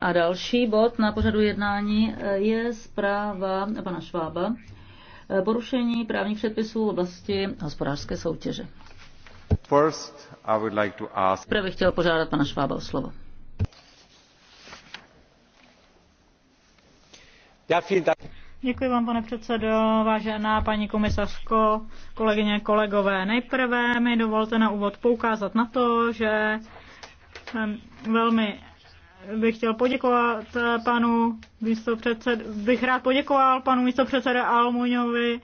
A další bod na pořadu jednání eh, je zpráva pana Švába. Eh, porušení právních předpisů v oblasti hospodářské soutěže. First, I would like to ask... bych chtěl požádat pana Švába o slovo. Děkuji vám, pane předsedo, vážená paní komisařko, kolegyně, kolegové. Nejprve mi dovolte na úvod poukázat na to, že velmi bych chtěl poděkovat eh, panu místopředsed, bych rád poděkoval panu místopředsede Almuňovi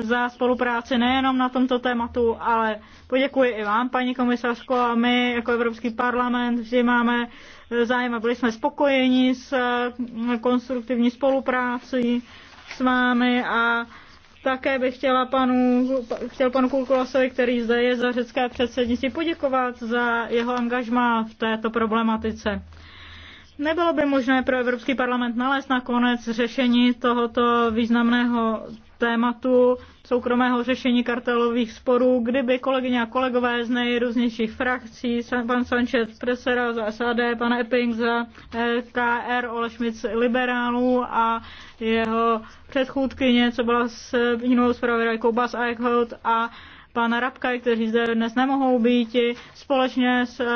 za spolupráci nejenom na tomto tématu, ale poděkuji i vám, paní komisařko, a my jako Evropský parlament vždy máme eh, zájem a byli jsme spokojeni s eh, konstruktivní spoluprácí s vámi a také bych chtěla panu, chtěl panu Kulkulasovi, který zde je za řecké předsednictví, poděkovat za jeho angažmá v této problematice. Nebylo by možné pro Evropský parlament nalézt nakonec řešení tohoto významného tématu soukromého řešení kartelových sporů, kdyby kolegyně a kolegové z nejrůznějších frakcí, pan Sanchez Presera za SAD, pan Epping za e KR, Olešmic liberálů a jeho předchůdkyně, co byla s jinou zpravodajkou Bas Eichhout a pana Rabka, kteří zde dnes nemohou být, společně s eh,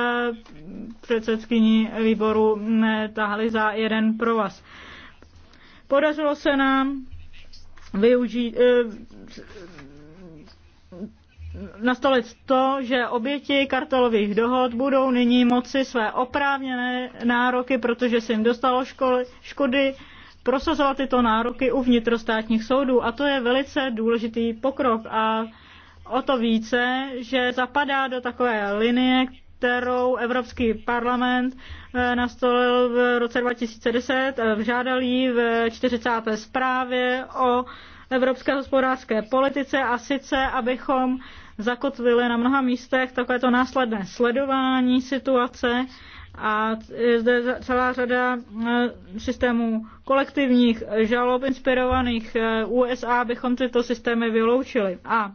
předsedkyní výboru mm, táhli za jeden pro vás. Podařilo se nám využít, eh, nastolit to, že oběti kartelových dohod budou nyní moci své oprávněné nároky, protože se jim dostalo školy, škody, prosazovat tyto nároky u vnitrostátních soudů. A to je velice důležitý pokrok. A o to více, že zapadá do takové linie, kterou Evropský parlament eh, nastolil v roce 2010, eh, vžádal ji v 40. zprávě o evropské hospodářské politice a sice, abychom zakotvili na mnoha místech takovéto následné sledování situace a je zde celá řada eh, systémů kolektivních žalob inspirovaných USA, abychom tyto systémy vyloučili. A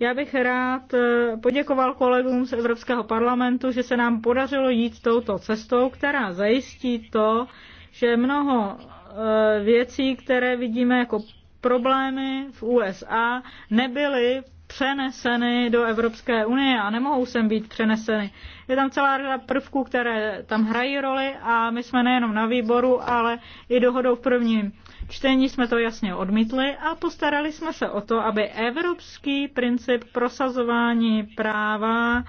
já bych rád eh, poděkoval kolegům z Evropského parlamentu, že se nám podařilo jít touto cestou, která zajistí to, že mnoho eh, věcí, které vidíme jako problémy v USA, nebyly přeneseny do Evropské unie a nemohou sem být přeneseny. Je tam celá řada prvků, které tam hrají roli a my jsme nejenom na výboru, ale i dohodou v prvním čtení jsme to jasně odmítli a postarali jsme se o to, aby evropský princip prosazování práva e,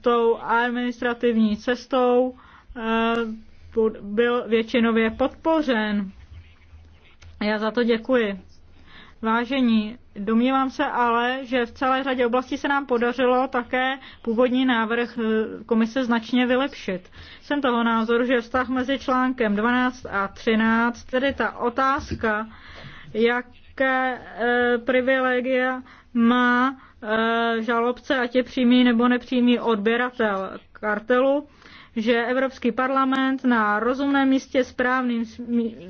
tou administrativní cestou e, byl většinově podpořen. Já za to děkuji. Vážení Domnívám se ale, že v celé řadě oblastí se nám podařilo také původní návrh eh, komise značně vylepšit. Jsem toho názoru, že vztah mezi článkem 12 a 13, tedy ta otázka, jaké e, privilegia má e, žalobce, ať je přímý nebo nepřímý odběratel kartelu, že Evropský parlament na rozumném místě správným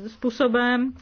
způsobem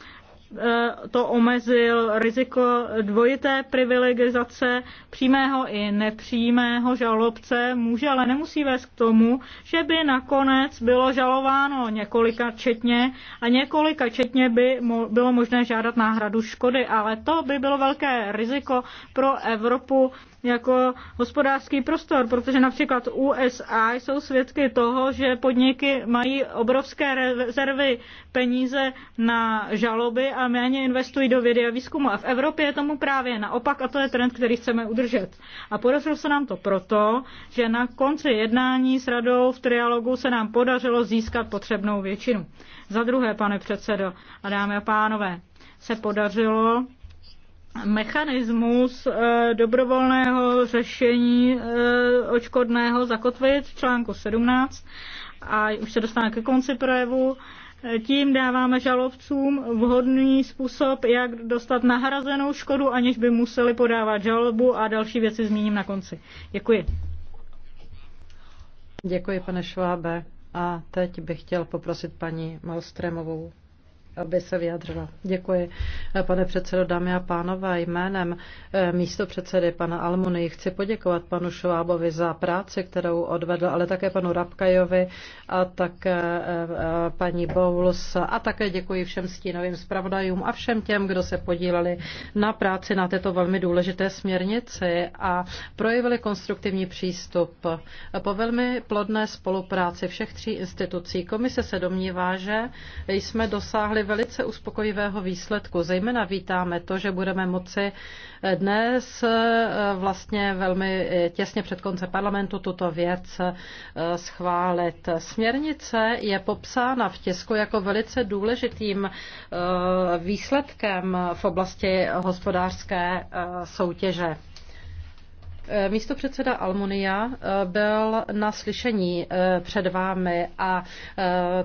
Eh, to omezil riziko dvojité privilegizace přímého i nepřímého žalobce může, ale nemusí vést k tomu, že by nakonec bylo žalováno několika četně a několika četně by bylo možné žádat náhradu škody, ale to by bylo velké riziko pro Evropu jako hospodářský prostor, protože například USA jsou svědky toho, že podniky mají obrovské rezervy peníze na žaloby a méně investují do vědy a výzkumu. A v Evropě je tomu právě naopak a to je trend, který chceme udržet. A podařilo se nám to proto, že na konci jednání s radou v trialogu se nám podařilo získat potřebnou většinu. Za druhé, pane předsedo a dámy a pánové, se podařilo mechanismus eh, dobrovolného řešení eh, očkodného zakotvit v článku 17 a už se dostane ke konci projevu. Eh, tím dáváme žalobcům vhodný způsob, jak dostat nahrazenou škodu, aniž by museli podávat žalobu a další věci zmíním na konci. Děkuji. Děkuji, pane Švábe. A teď bych chtěl poprosit paní Malstrémovou aby se vyjadřila. Děkuji, pane předsedo, dámy a pánové. Jménem eh, místo předsedy pana Almuny chci poděkovat panu Švábovi za práci, kterou odvedl, ale také panu Rabkajovi a také eh, eh, paní Bouls a také děkuji všem stínovým zpravodajům a všem těm, kdo se podíleli na práci na této velmi důležité směrnici a projevili konstruktivní přístup. Po velmi plodné spolupráci všech tří institucí komise se domnívá, že jsme dosáhli dosáhli velice uspokojivého výsledku. Zejména vítáme to, že budeme moci dnes eh, vlastně velmi eh, těsně před konce parlamentu tuto věc eh, schválit. Směrnice je popsána v tisku jako velice důležitým výsledkem v oblasti hospodářské soutěže. Eh, Místo předseda Almunia eh, byl na slyšení eh, před vámi a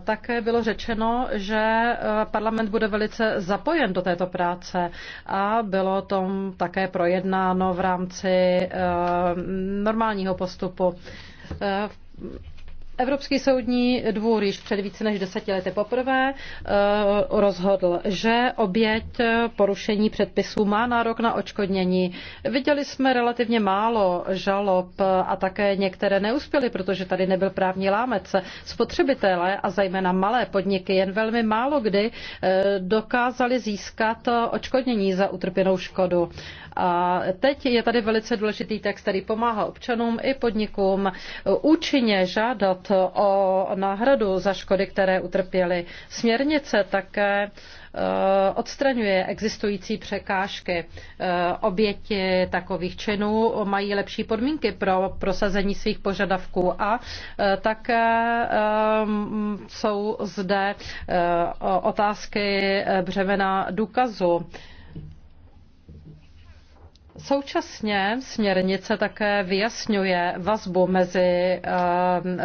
také bylo řečeno, že parlament bude velice zapojen do této práce a bylo tom také projednáno v rámci normálního postupu. Evropský soudní dvůr již před více než deseti lety poprvé eh, rozhodl, že oběť porušení předpisů má nárok na očkodnění. Viděli jsme relativně málo žalob a také některé neuspěly, protože tady nebyl právní lámec. Spotřebitelé a zejména malé podniky jen velmi málo kdy eh, dokázali získat očkodnění za utrpěnou škodu. A teď je tady velice důležitý text, který pomáhá občanům i podnikům účinně žádat o náhradu za škody, které utrpěli. Směrnice také eh, odstraňuje existující překážky. Eh, oběti takových činů mají lepší podmínky pro prosazení svých požadavků a eh, také jsou zde otázky břemena důkazu Současně směrnice také vyjasňuje vazbu mezi eh,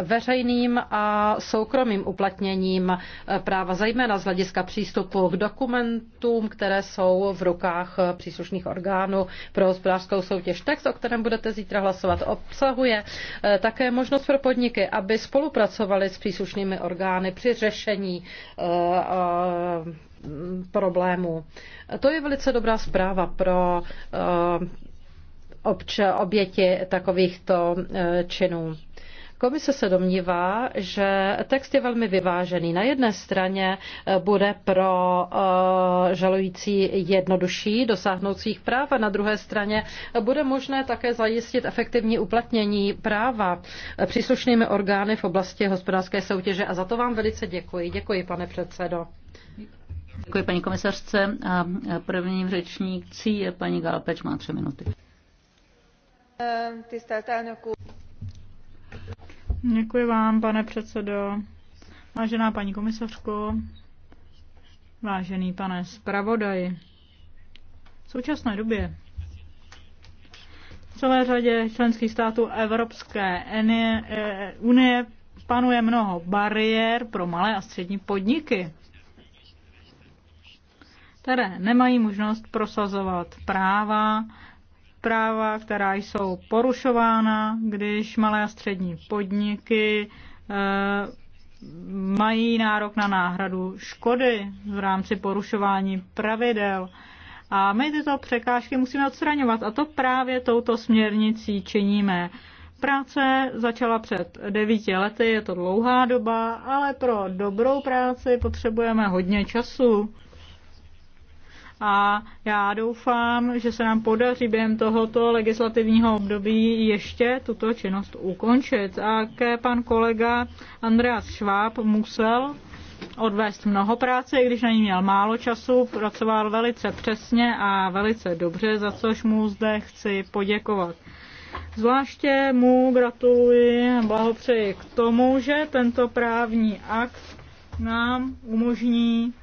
veřejným a soukromým uplatněním eh, práva, zejména z hlediska přístupu k dokumentům, které jsou v rukách eh, příslušných orgánů pro hospodářskou soutěž. Text, o kterém budete zítra hlasovat, obsahuje také možnost pro podniky, aby spolupracovali s příslušnými orgány při řešení Mm, problémů. To je velice dobrá zpráva pro eh, obča, oběti takovýchto eh, činů. Komise se domnívá, že text je velmi vyvážený. Na jedné straně eh, bude pro žalující jednodušší dosáhnout svých práv a na druhé straně bude možné také zajistit efektivní uplatnění práva příslušnými orgány v oblasti hospodářské soutěže. A za to vám velice děkuji. Děkuji, pane předsedo. Děkuji paní komisařce a první řečnící je paní Galpeč, má tři minuty. Děkuji vám, pane předsedo. Vážená paní komisařko, vážený pane zpravodaj, v současné době v celé řadě členských států Evropské e, unie panuje mnoho bariér pro malé a střední podniky které nemají možnost prosazovat práva, práva, která jsou porušována, když malé a střední podniky eh, mají nárok na náhradu škody v rámci porušování pravidel. A my tyto překážky musíme odstraňovat a to právě touto směrnicí činíme. Práce začala před devíti lety, je to dlouhá doba, ale pro dobrou práci potřebujeme hodně času a já doufám, že se nám podaří během tohoto legislativního období ještě tuto činnost ukončit. A ke pan kolega Andreas Schwab musel odvést mnoho práce, i když na ní měl málo času, pracoval velice přesně a velice dobře, za což mu zde chci poděkovat. Zvláště mu gratuluji a blahopřeji k tomu, že tento právní akt nám umožní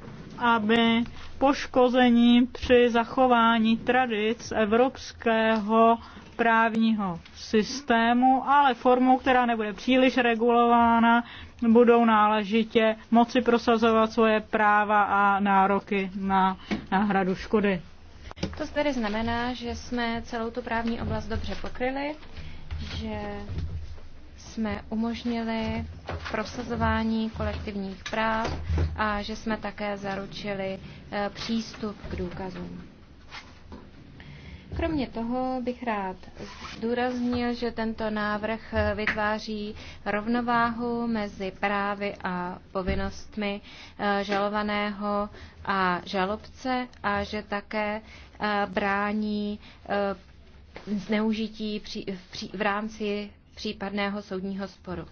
aby poškození při zachování tradic evropského právního systému, ale formou, která nebude příliš regulována, budou náležitě moci prosazovat svoje práva a nároky na náhradu škody. To tedy znamená, že jsme celou tu právní oblast dobře pokryli, že jsme umožnili prosazování kolektivních práv a že jsme také zaručili eh, přístup k důkazům. Kromě toho bych rád zdůraznil, že tento návrh eh, vytváří rovnováhu mezi právy a povinnostmi eh, žalovaného a žalobce a že také brání zneužití v rámci případného soudního sporu.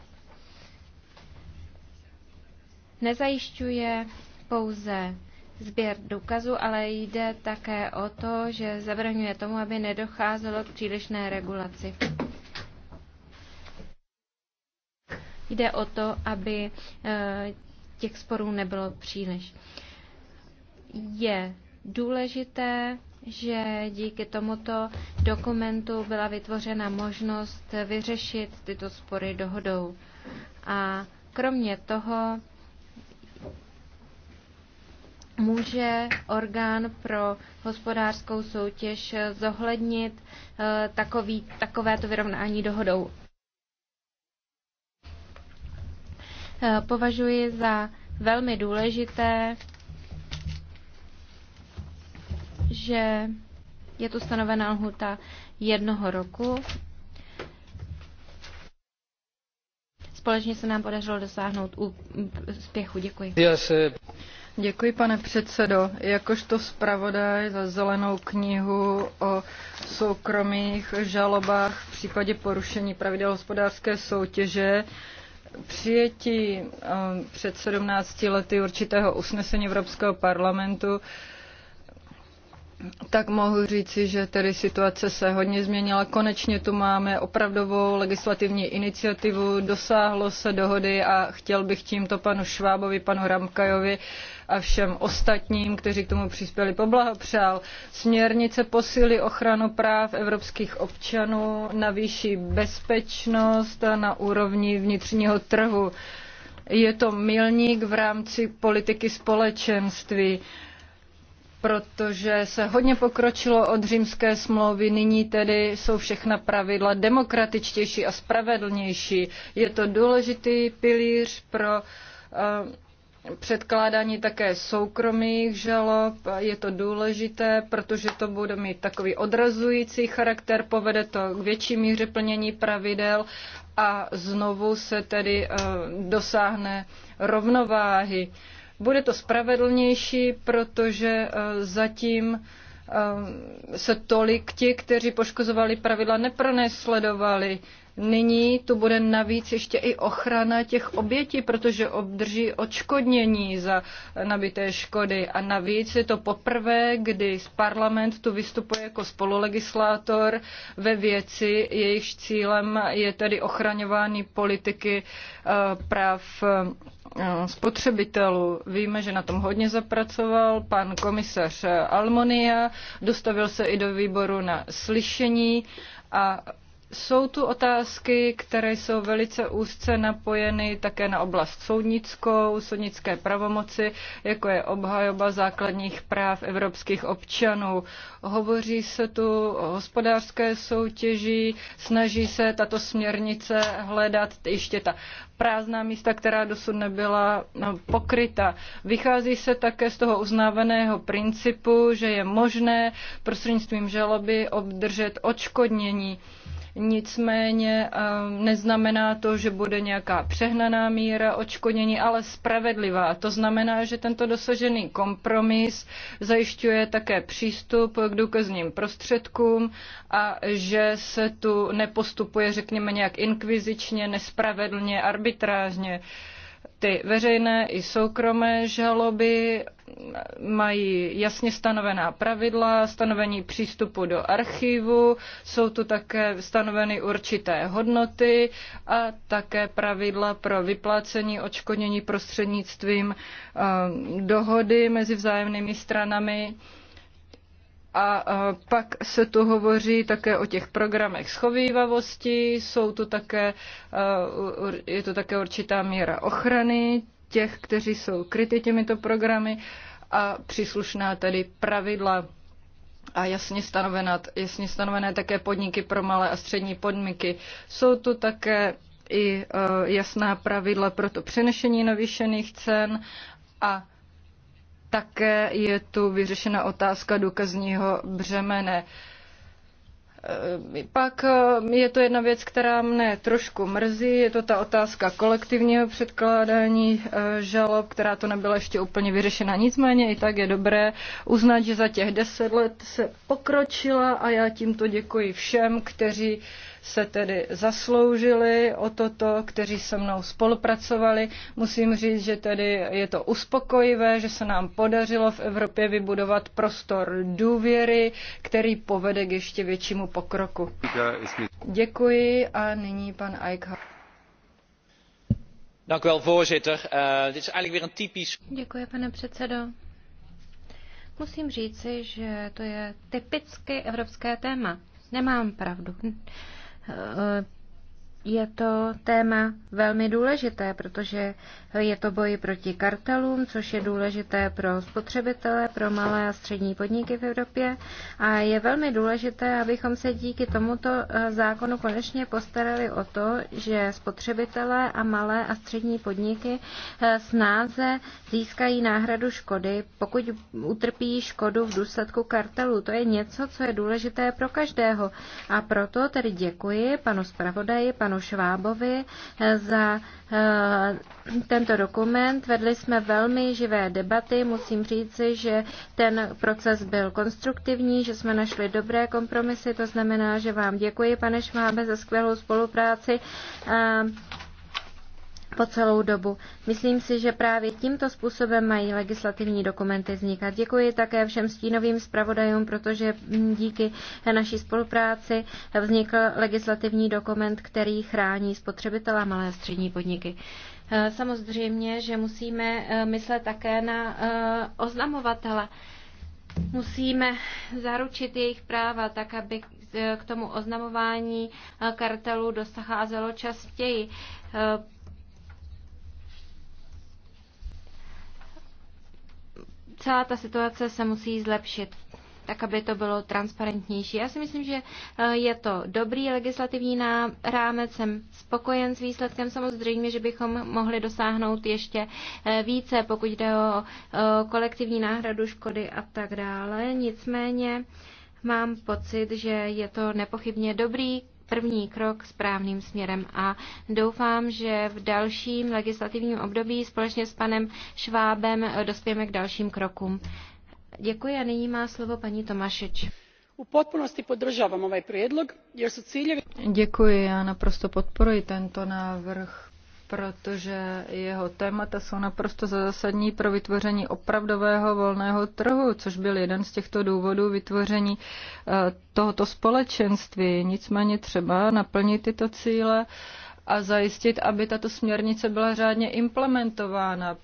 Nezajišťuje pouze sběr důkazu, ale jde také o to, že zabraňuje tomu, aby nedocházelo k přílišné regulaci. Jde o to, aby eh, těch sporů nebylo příliš. Je důležité že díky tomuto dokumentu byla vytvořena možnost vyřešit tyto spory dohodou. A kromě toho může orgán pro hospodářskou soutěž zohlednit eh, takový, takovéto vyrovnání dohodou. Eh, považuji za velmi důležité že je tu stanovená lhuta jednoho roku. Společně se nám podařilo dosáhnout úspěchu. Děkuji. Děkuji, pane předsedo. Jakožto zpravodaj za zelenou knihu o soukromých žalobách v případě porušení pravidel hospodářské soutěže, přijetí eh, před 17 lety určitého usnesení Evropského parlamentu tak mohu říci, že tedy situace se hodně změnila. Konečně tu máme opravdovou legislativní iniciativu, dosáhlo se dohody a chtěl bych tímto panu Švábovi, panu Ramkajovi a všem ostatním, kteří k tomu přispěli, poblahopřál. Směrnice posílí ochranu práv evropských občanů, navýší bezpečnost na úrovni vnitřního trhu. Je to milník v rámci politiky společenství protože se hodně pokročilo od římské smlouvy, nyní tedy jsou všechna pravidla demokratičtější a spravedlnější. Je to důležitý pilíř pro uh, předkládání také soukromých žalob. Je to důležité, protože to bude mít takový odrazující charakter, povede to k větší míře plnění pravidel a znovu se tedy uh, dosáhne rovnováhy. Uh, bude to spravedlnější, protože eh, zatím eh, se tolik ti, kteří poškozovali pravidla, nepronesledovali Nyní tu bude navíc ještě i ochrana těch obětí, protože obdrží odškodnění za nabité škody. A navíc je to poprvé, kdy parlament tu vystupuje jako spolulegislátor ve věci, jejichž cílem je tedy ochraňování politiky eh, práv eh, spotřebitelů. Víme, že na tom hodně zapracoval pan komisař Almonia, dostavil se i do výboru na slyšení a jsou tu otázky, které jsou velice úzce napojeny také na oblast soudnickou, soudnické pravomoci, jako je obhajoba základních práv evropských občanů. Hovoří se tu o hospodářské soutěži, snaží se tato směrnice hledat ještě ta prázdná místa, která dosud nebyla no, pokryta. Vychází se také z toho uznávaného principu, že je možné prostřednictvím žaloby obdržet odškodnění. Nicméně eh, neznamená to, že bude nějaká přehnaná míra očkodnění, ale spravedlivá. To znamená, že tento dosažený kompromis zajišťuje také přístup k důkazním prostředkům a že se tu nepostupuje, řekněme, nějak inkvizičně, nespravedlně, arbitrážně. Ty veřejné i soukromé žaloby mají jasně stanovená pravidla, stanovení přístupu do archivu, jsou tu také stanoveny určité hodnoty a také pravidla pro vyplácení očkodnění prostřednictvím eh, dohody mezi vzájemnými stranami. A pak se tu hovoří také o těch programech schovývavosti, jsou to také, je to také určitá míra ochrany těch, kteří jsou kryty těmito programy a příslušná tedy pravidla a jasně stanovené, jasně stanovené také podniky pro malé a střední podniky. Jsou tu také i e, jasná pravidla pro to přenešení navýšených cen a také je tu vyřešena otázka důkazního břemene. E, pak e, je to jedna věc, která mne trošku mrzí, je to ta otázka kolektivního předkládání e, žalob, která to nebyla ještě úplně vyřešena. Nicméně i tak je dobré uznat, že za těch deset let se pokročila a já tímto děkuji všem, kteří se tedy zasloužili o toto, kteří se mnou spolupracovali. Musím říct, že tedy je to uspokojivé, že se nám podařilo v Evropě vybudovat prostor důvěry, který povede k ještě většímu pokroku. Děkuji a nyní pan Eichhardt voorzitter eh, dit is eigenlijk weer een typisch. Děkuji, pane předsedo. Musím říci, že to je typicky evropské téma. Nemám pravdu uh, je to téma velmi důležité, protože je to boj proti kartelům, což je důležité pro spotřebitele, pro malé a střední podniky v Evropě. A je velmi důležité, abychom se díky tomuto eh, zákonu konečně postarali o to, že spotřebitelé a malé a střední podniky eh, snáze získají náhradu škody, pokud utrpí škodu v důsledku kartelů. To je něco, co je důležité pro každého. A proto tedy děkuji panu zpravodaji, panu panu Švábovi eh, za eh, tento dokument. Vedli jsme velmi živé debaty. Musím říci, že ten proces byl konstruktivní, že jsme našli dobré kompromisy. To znamená, že vám děkuji, pane Švábe, za skvělou spolupráci. Eh, po celou dobu. Myslím si, že právě tímto způsobem mají legislativní dokumenty vznikat. Děkuji také všem stínovým zpravodajům, protože díky naší spolupráci vznikl legislativní dokument, který chrání spotřebitela malé a střední podniky. Eh, samozřejmě, že musíme eh, myslet také na eh, oznamovatele. Musíme zaručit jejich práva tak, aby k tomu oznamování kartelu dosaházelo častěji. celá ta situace se musí zlepšit tak aby to bylo transparentnější. Já si myslím, že eh, je to dobrý legislativní rámec, jsem spokojen s výsledkem. Samozřejmě, že bychom mohli dosáhnout ještě eh, více, pokud jde o kolektivní náhradu škody a tak dále. Nicméně mám pocit, že je to nepochybně dobrý první krok správným směrem a doufám, že v dalším legislativním období společně s panem Švábem dospějeme k dalším krokům. Děkuji a nyní má slovo paní Tomašič u potpunosti podržávám ovaj prijedlog jer jsou ciljevi. Děkuji, já naprosto podporuji tento návrh protože jeho témata jsou naprosto zásadní pro vytvoření opravdového volného trhu, což byl jeden z těchto důvodů vytvoření eh, tohoto společenství. Nicméně třeba naplnit tyto cíle a zajistit, aby tato směrnice byla řádně implementována.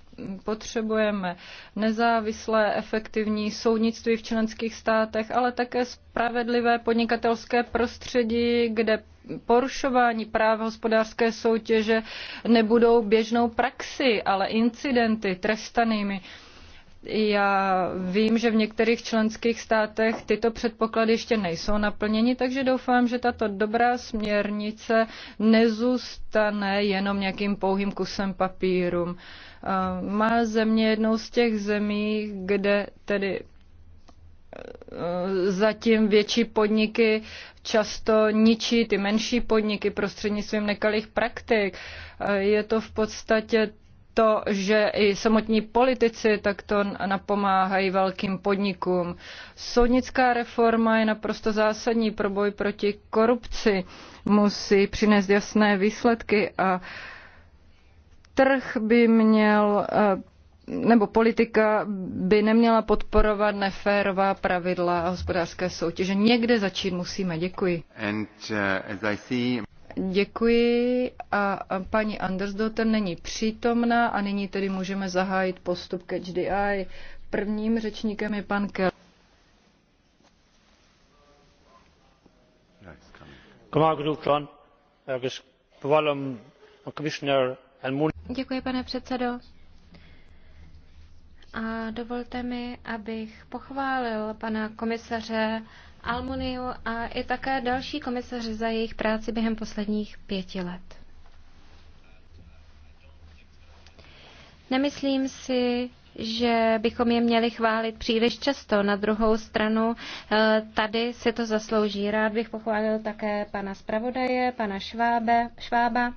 Potřebujeme nezávislé, efektivní soudnictví v členských státech, ale také spravedlivé podnikatelské prostředí, kde porušování práv hospodářské soutěže nebudou běžnou praxi, ale incidenty trestanými. Já vím, že v některých členských státech tyto předpoklady ještě nejsou naplněny, takže doufám, že tato dobrá směrnice nezůstane jenom nějakým pouhým kusem papíru. Má země jednou z těch zemí, kde tedy zatím větší podniky často ničí ty menší podniky prostřednictvím nekalých praktik. Je to v podstatě to, že i samotní politici takto napomáhají velkým podnikům. Soudnická reforma je naprosto zásadní pro boj proti korupci. Musí přinést jasné výsledky a trh by měl eh, nebo politika by neměla podporovat neférová pravidla a hospodářské soutěže. Někde začít musíme. Děkuji. And, uh, see... Děkuji a paní Andersdotter není přítomná a nyní tedy můžeme zahájit postup ke HDI. Prvním řečníkem je pan Kel. Uh, Děkuji, pane předsedo a dovolte mi, abych pochválil pana komisaře Almuniu a i také další komisaře za jejich práci během posledních pěti let. Nemyslím si, že bychom je měli chválit příliš často. Na druhou stranu eh, tady si to zaslouží. Rád bych pochválil také pana zpravodaje, pana Švábe, Švába.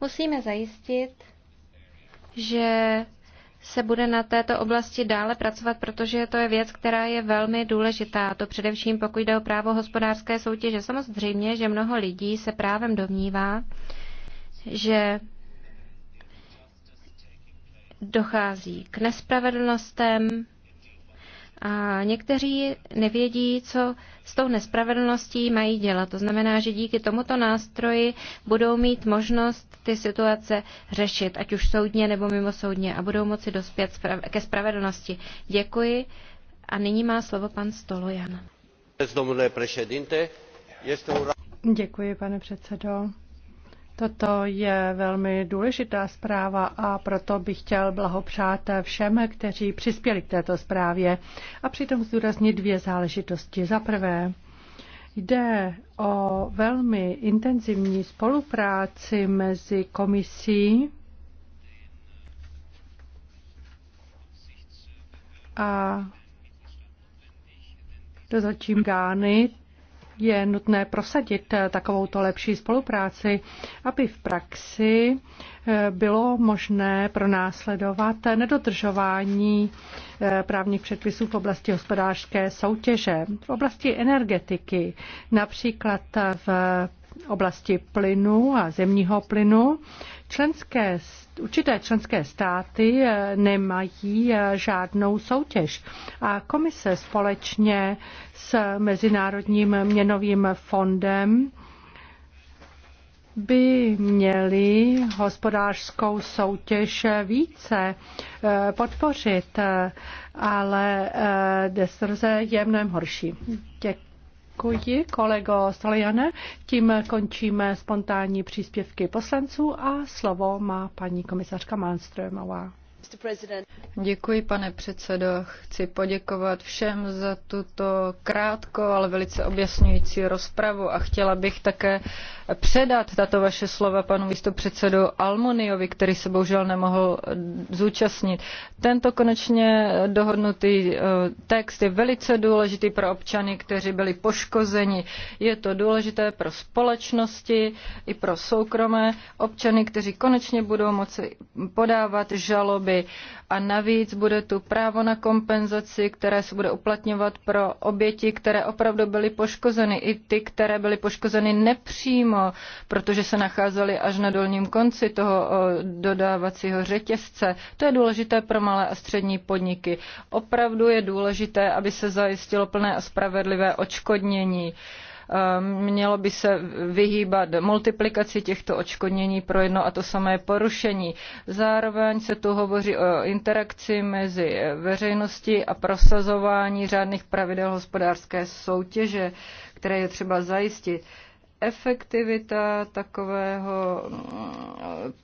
Musíme zajistit, že se bude na této oblasti dále pracovat, protože to je věc, která je velmi důležitá. To především pokud jde o právo hospodářské soutěže. Samozřejmě, že mnoho lidí se právem domnívá, že dochází k nespravedlnostem, a někteří nevědí, co s tou nespravedlností mají dělat. To znamená, že díky tomuto nástroji budou mít možnost ty situace řešit, ať už soudně nebo mimo soudně, a budou moci dospět ke spravedlnosti. Děkuji. A nyní má slovo pan Stolojan. Děkuji, pane předsedo. Toto je velmi důležitá zpráva a proto bych chtěl blahopřát všem, kteří přispěli k této zprávě a přitom zdůraznit dvě záležitosti. Za prvé, jde o velmi intenzivní spolupráci mezi komisí a dozatím gány je nutné prosadit eh, takovouto lepší spolupráci, aby v praxi eh, bylo možné pronásledovat nedodržování eh, právních předpisů v oblasti hospodářské soutěže, v oblasti energetiky, například v oblasti plynu a zemního plynu. Členské, určité členské státy eh, nemají eh, žádnou soutěž a komise společně s Mezinárodním měnovým fondem by měli hospodářskou soutěž eh, více podpořit, ale destrze je mnohem horší. Děkuji. Děkuji, kolego Stoliane. Tím končíme spontánní příspěvky poslanců a slovo má paní komisařka Malmströmová. Děkuji, pane předsedo. Chci poděkovat všem za tuto krátkou, ale velice objasňující rozpravu a chtěla bych také předat tato vaše slova panu místopředsedu Almoniovi, který se bohužel nemohl zúčastnit. Tento konečně dohodnutý eh, text je velice důležitý pro občany, kteří byli poškozeni. Je to důležité pro společnosti i pro soukromé občany, kteří konečně budou moci podávat žaloby. A navíc bude tu právo na kompenzaci, které se bude uplatňovat pro oběti, které opravdu byly poškozeny, i ty, které byly poškozeny nepřímo přímo, protože se nacházely až na dolním konci toho dodávacího řetězce. To je důležité pro malé a střední podniky. Opravdu je důležité, aby se zajistilo plné a spravedlivé očkodnění ehm, mělo by se vyhýbat multiplikaci těchto odškodnění pro jedno a to samé porušení. Zároveň se tu hovoří o interakci mezi veřejností a prosazování řádných pravidel hospodářské soutěže, které je třeba zajistit efektivita takového,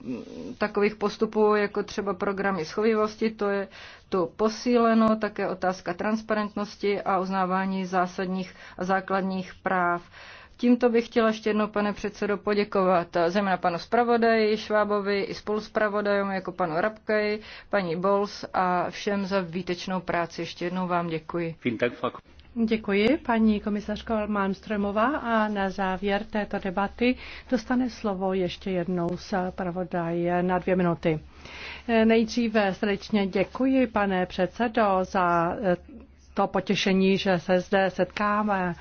mm, takových postupů, jako třeba programy schovivosti, to je tu posíleno, také otázka transparentnosti a uznávání zásadních a základních práv. Tímto bych chtěla ještě jednou, pane předsedo, poděkovat zejména panu zpravodaji Švábovi i spoluzpravodajům jako panu Rabkej, paní Bols a všem za výtečnou práci. Ještě jednou vám děkuji. Děkuji paní komisařko Malmströmová a na závěr této debaty dostane slovo ještě jednou pravodaje na dvě minuty. Nejdříve srdečně děkuji, pane předsedo, za to potěšení, že se zde setkáme.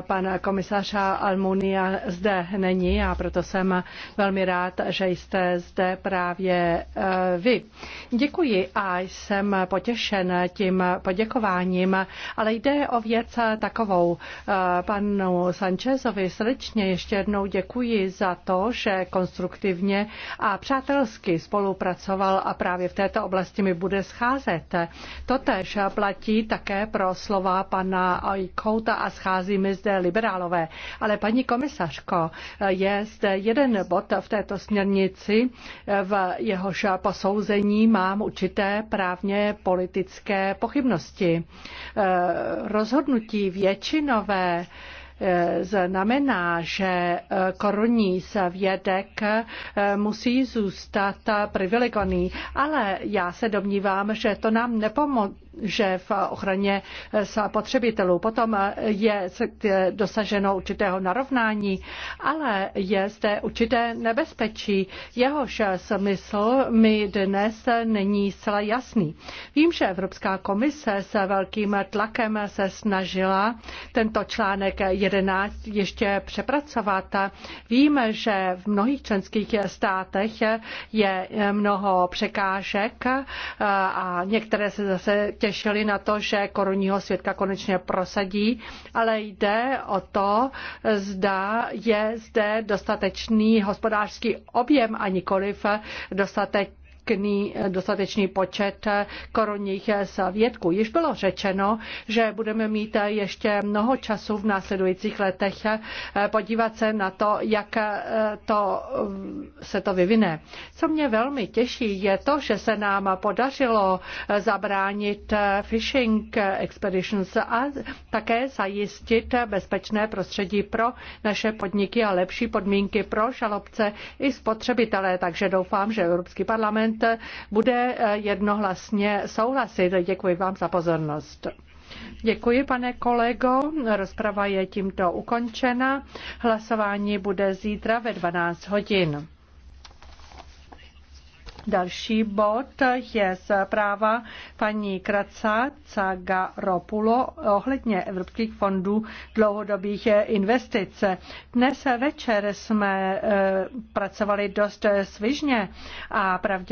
Pan komisař Almunia zde není a proto jsem velmi rád, že jste zde právě eh, vy. Děkuji a jsem potěšen tím poděkováním, ale jde o věc takovou. Eh, panu Sanchezovi srdečně ještě jednou děkuji za to, že konstruktivně a přátelsky spolupracoval a právě v této oblasti mi bude scházet. Totež platí také také pro slova pana Kouta a schází mi zde liberálové. Ale paní komisařko, je zde jeden bod v této směrnici, v jehož posouzení mám určité právně politické pochybnosti. Eh, rozhodnutí většinové eh, znamená, že eh, korunní svědek musí zůstat privilegovaný, ale já se domnívám, že to nám nepomůže že v ochraně eh, spotřebitelů. Potom eh, je dosaženo určitého narovnání, ale je zde určité nebezpečí. Jehož smysl mi dnes není zcela jasný. Vím, že Evropská komise se velkým tlakem se snažila tento článek 11 ještě přepracovat. víme, že v mnohých členských státech je mnoho překážek eh, a některé se zase těch těšili na to, že korunního světka konečně prosadí, ale jde o to, zda je zde dostatečný hospodářský objem a nikoliv dostatek dostatečný, eh, dostatečný počet eh, korunních eh, svědků. Již bylo řečeno, že budeme mít ještě mnoho času v následujících letech podívat se na to, jak to, mm, se to vyvine. Co mě velmi těší, je to, že se nám podařilo zabránit phishing expeditions a také zajistit bezpečné prostředí pro naše podniky a lepší podmínky pro žalobce i spotřebitelé. Takže doufám, že Evropský parlament parlament bude eh, jednohlasně souhlasit. Děkuji vám za pozornost. Děkuji, pane kolego. Rozprava je tímto ukončena. Hlasování bude zítra ve 12 hodin. Další bod je zpráva paní Kraca Cagaropulo ohledně evropských fondů dlouhodobých investic. Dnes večer jsme eh, pracovali dost svižně a pravděpodobně